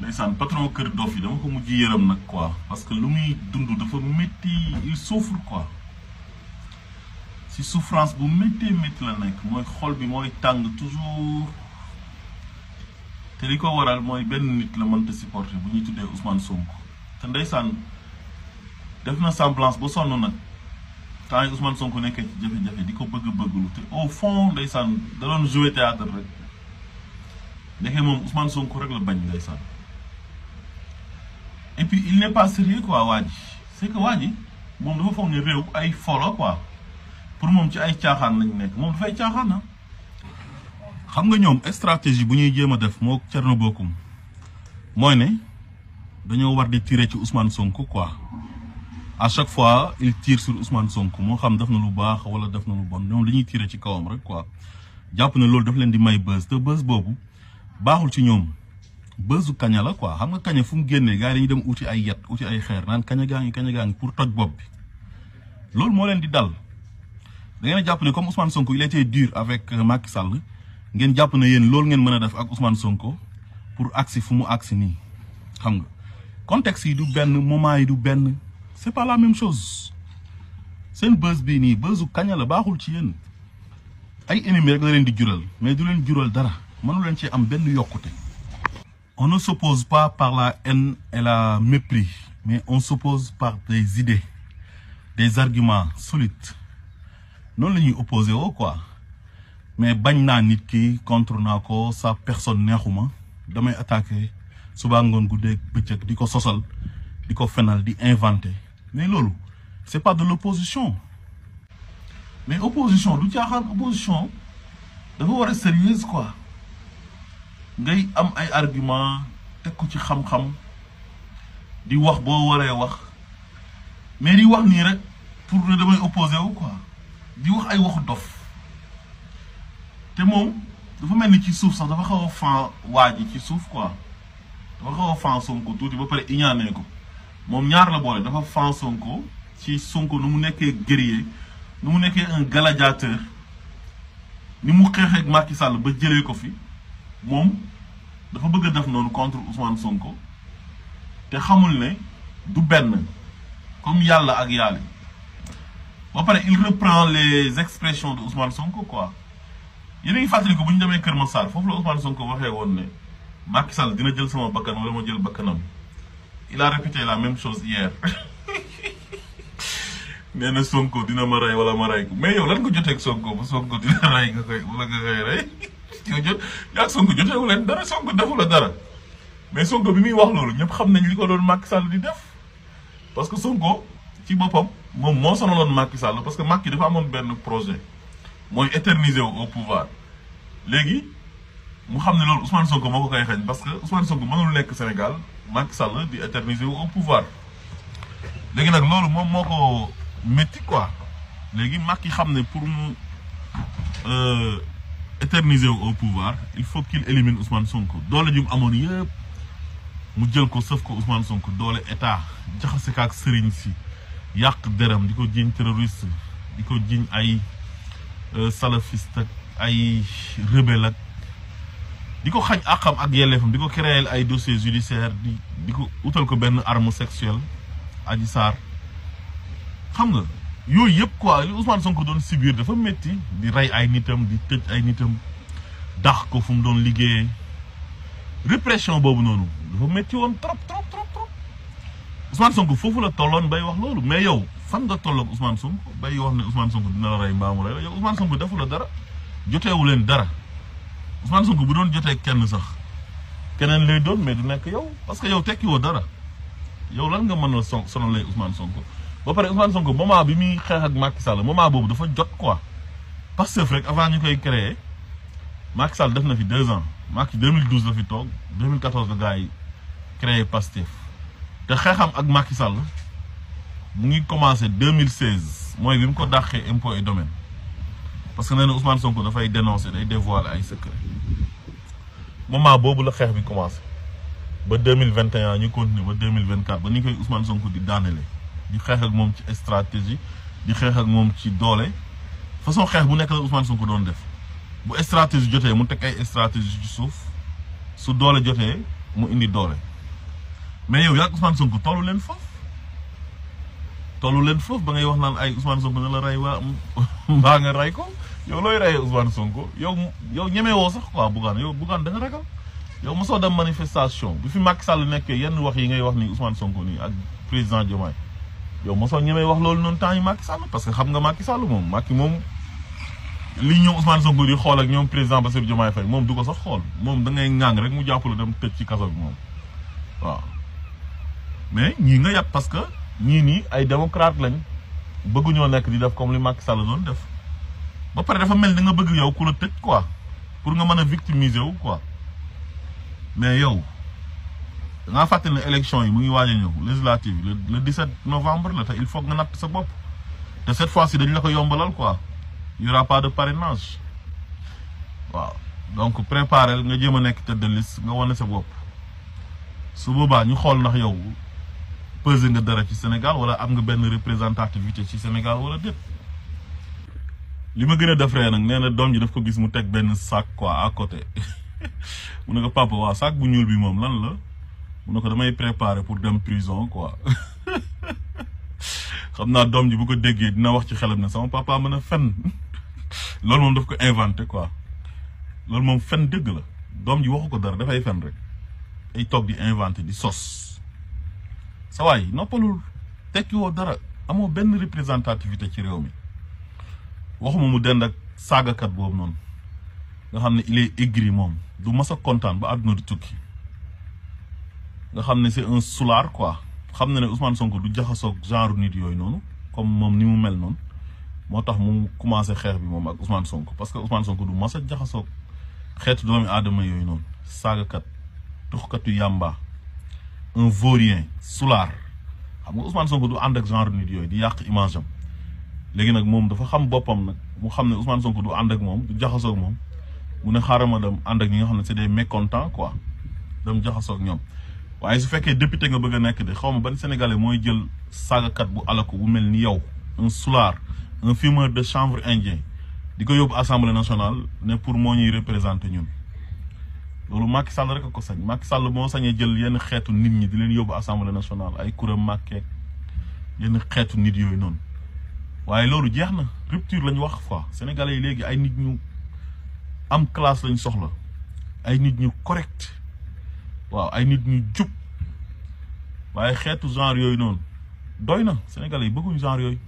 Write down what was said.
ndeysaan patron kër dof yi dama ko mujj yërëm nag quoi parce que lu muy dund dafa métti il souffre quoi si souffrance bu méttee métti la nekk mooy xol bi mooy tàng toujours te li mooy benn nit la mënta supporter bu ñuy tuddee Ousmane Sonko te ndeysaan def na semblance ba sonn nag temps yi Ousmane Sonko nekkee ci jafe-jafe di ko bëgg-bëgglu te fond ndeysaan da doon jouer théâtre rek ndeke moom Ousmane Sonko rek la bañ ndeysaan et puis il n'est pas sérieux quoi waa ji c'est que waa ji moom dafa foog réew ay folo quoi pour moom ci ay caaxaan lañu nekk moom dafay caaxaan na ah. xam nga ñoom stratégie bu ñuy jéem a def moo Thierno Bocoum mooy ne dañoo war di tirer ci Ousmane Sonko quoi à chaque fois il tire sur Ousmane Sonko moo xam def na lu baax wala def na lu bon ñoom li ñuy tirer ci kawam rek quoi jàpp na loolu daf leen di may bës te bës boobu baaxul ci ñoom. bësu kaña la quoi xam nga kaña fu mu génnee gars yi dem uti ay yet uti ay xeer naan kaña gaa ngi kaña gaa ngi pour toj bopp bi loolu moo leen di dal da jàpp ne comme Ousmane Sonko il était dur avec euh, Macky sàll ngeen jàpp na yéen loolu ngeen mën a def ak Ousmane Sonko pour agsi fu mu agsi nii xam nga kontex yi du benn moment yi du benn c'est la même chose seen bës bi nii bësu kaña la baaxul ci yéen ay ennemis rek la leen di jural mais du leen jural dara mënu leen ci am benn yokkute. On ne s'oppose pas par la haine et la mépris, mais on s'oppose par des idées, des arguments solides. noonu la ñuy opposé woo quoi mais bañ naa nit ki contre naa ko sa personne neexuma damay attaqué subaa ngoon guddeeg bëccëg di ko sosal di ko fenal di inventé mais loolu c'est pas de l'opposition mais opposition du caaxaan opposition dafa war a sérieuse quoi ngay am ay argument teg ko ci xam-xam di wax boo waree wax mais di wax nii rek pour ne damay opposé wu quoi di wax ay waxu dof te moom dafa mel ni ci suuf sax dafa xaw a fan waa ci suuf ko dafa xaw a fan tuuti ba pare iñaanee ko moom ñaar la boole dafa fan Sonko ci Sonko nu mu nekkee guerrier nu mu nekkee un gladiateur ni mu xeexeeg Macky Sall ba jëlee ko fi moom dafa bëgg a def noonu contre Ousmane Sonko te xamul ne du benn comme yàlla ak yàlla ba pare il reprend les expressions de Ousmane Sonko quoi yéen ngi fàttali ko bu ñu demee Kër Massar foofu la Ousmane Sonko waxee woon ne Macky Sall dina jël sama bakkan wala ma jël bakkanam il a répété la même chose hier nee na Sonko dina ma rey wala ma rey ko mais yow lan nga jotee ak Sonko ba Sonko dina rey nga koy wala nga koy rey. yow nga yaa ngi Sonko joteewu leen dara Sonko defu dara mais Sonko bi muy wax loolu ñëpp xam nañ li ko doon Macky Sall di def parce que Sonko ci boppam moom moo sonaloon Macky Sall parce que Macky dafa amoon benn projet mooy éterniser wu au pouvoir léegi mu xam ne loolu Ousmane Sonko moo ko koy xañ parce que Ousmane Sonko mënul nekk Sénégal Macky Sall di éterniser wu au pouvoir léegi nag loolu moom moo ko métti quoi léegi Macky xam ne pour mu. Euh, éterniser wu au pouvoir il faut qu'il élimine Ousmane Sonko doole ju mu amoon yëpp mu jël ko sëf ko Ousmane Sonko doole état jaxase ko ak sëriñ si yàq deram di ko jiiñ terroriste di ko jiiñ ay euh, salafiste ak ay rebelle ak di ko xañ àqam ak yelleefam di ko créer ay dossiers judiciaires di ko utal ko benn arme sexuelle Adji Sarr xam nga yooyu yëpp quoi li Ousmane Sonko doon subir dafa métti di rey ay nitam di tëj ay nitam dax ko fu mu doon liggéeyee répression boobu noonu dafa métti woon trop trop trop trop Ousmane foofu la tolloon bay wax loolu mais yow fan nga tolloog Ousmane Sonko bay wax ne Ousmane Sonko dina la rey mbaamu rey yow Ousmane Sonko defu la dara jotewu leen dara Ousmane Sonko bu doon jotee kenn sax keneen lay doon mais du nekk yow parce que yow tekki woo dara yow lan nga mën a son sonal lay Ousmane Sonko. ba pare Ousmane Sonko moment bi muy xeex ak Macky Sall moment boobu dafa jot quoi Pastef rek avant ñu koy créer Macky Sall def na fi deux ans Macky 2012 la fi toog 2014 la gars yi créé Pastef te xeexam ak Macky Sall mu ngi commencé 2016 mooy bi mu ko dàqee impôt et domaine parce que nee na Ousmane Sonko dafay dénoncer day dévoiler ay secret moment boobu la xeex bi commencé ba 2021 ñu continuer ba 2024 ba ni koy Ousmane Sonko di daanelee. di xeex ak moom ci stratégie di xeex moom ci doole façon xeex bu nekk la Ousmane ko doon def bu stratégie jotee mu teg ay stratégie ci suuf su doole jotee mu indi doole mais yow yaa ak Ousmane tollu leen foofu tollu leen foofu ba ngay wax naan ay Ousmane Sonko na la rey waa mbaa nga rey ko yow looy rey Ousmane Sonko yow yow ñemewoo sax quoi Bougane yow Bougane da nga ragal yow soo dem manifestation bu fi Macky Sall nekkee yenn wax yi ngay wax ni Ousmane Sonko nii ak président Diomaye yow mosoo ñemee wax loolu noonu temps yi Macky Sall parce que xam nga Macky Sall moom Macky moom li ñoom Ousmane Sonko di xool ak ñoom président ba Bassirou Diomaye Faye moom du ko sax xool moom da ngay ŋàng rek mu jàppale dem tëj ci kaso bi moom waaw mais ñii nga yàpp parce que ñii nii ay démocrate lañ bëgguñoo nekk di def comme li Macky Sall doon def ba pare dafa mel ni nga bëgg yow ku la tëj quoi pour nga mën a victimiser wu quoi mais yow dangaa fàttali ne yi mu ngi waaj a ñëw législative le le 17 novembre la te il faut nga natt sa bopp te cette fois yi dañu la ko yombalal koi y aura de parrainage waaw donc préparer nga jéem a nekk tête de nga wane sa bopp su boobaa ñu xool ndax yow peser nga dara ci Sénégal wala am nga benn représentativité ci Sénégal wala déet. li ma gën a def nag nee na doom ji daf ko gis mu teg benn sac quoi à côté mu ne ko papa waa sac bu ñuul bi moom lan la. mu ne ko damay préparer pour dem prison quoi xam naa doom ji bu ko déggee dina wax ci xelam ne sama papa mën a fen loolu moom daf ko inventé quoi loolu moom fen dëgg la doom ji waxu ko dara dafay fen rek ay toog di inventé di sos sa waay noppalul tekki woo dara amoo benn représentativité ci réew mi waxuma mu dend ak saagakat boobu noonu nga xam ne il est aigri moom du mas a kontaan ba àdduna di tukki nga xam ne c'est un sulaar quoi xam na ne Ousmane Sonko du jaxasoog genre nit yooyu noonu comme moom ni mu mel noonu moo tax mu commencé xeex bi moom ak Ousmane Sonko parce que Ousmane Sonko du mas xeetu doomi aadama yooyu noonu saagakat tuxkatu yàmba un vaurien soulard xam nga Ousmane Sonko du ànd ak genre nit yooyu di yàq image am léegi nag moom dafa xam boppam nag mu xam ne Ousmane Sonko du ànd ak moom du jaxasoog moom mu ne xaaral ma dem ànd ak ñi nga xam ne c'est des mécontents quoi dem jaxasoog ñoom waaye su fekkee député nga bëgg a nekk de xaw ma ban sénégalais mooy jël saagakat bu alako bu mel ni yow un soulard un fumeur de chanvre indien di ko yóbbu assemblée nationale ne pour moo ñuy représenté ñun loolu Macky Sall rek a ko sañ Macky Sall moo sañee jël yenn xeetu nit ñi di leen yóbbu assemblée nationale ay kuram Macky yenn xeetu nit yooyu noonu waaye loolu jeex na rupture lañu wax fois sénégalais yi léegi ay nit ñu am classe lañ soxla ay nit ñu correct waaw ay nit ñu jub waaye xeetu genre yooyu noonu doy na sénégalais yi bëgguñu genre yooyu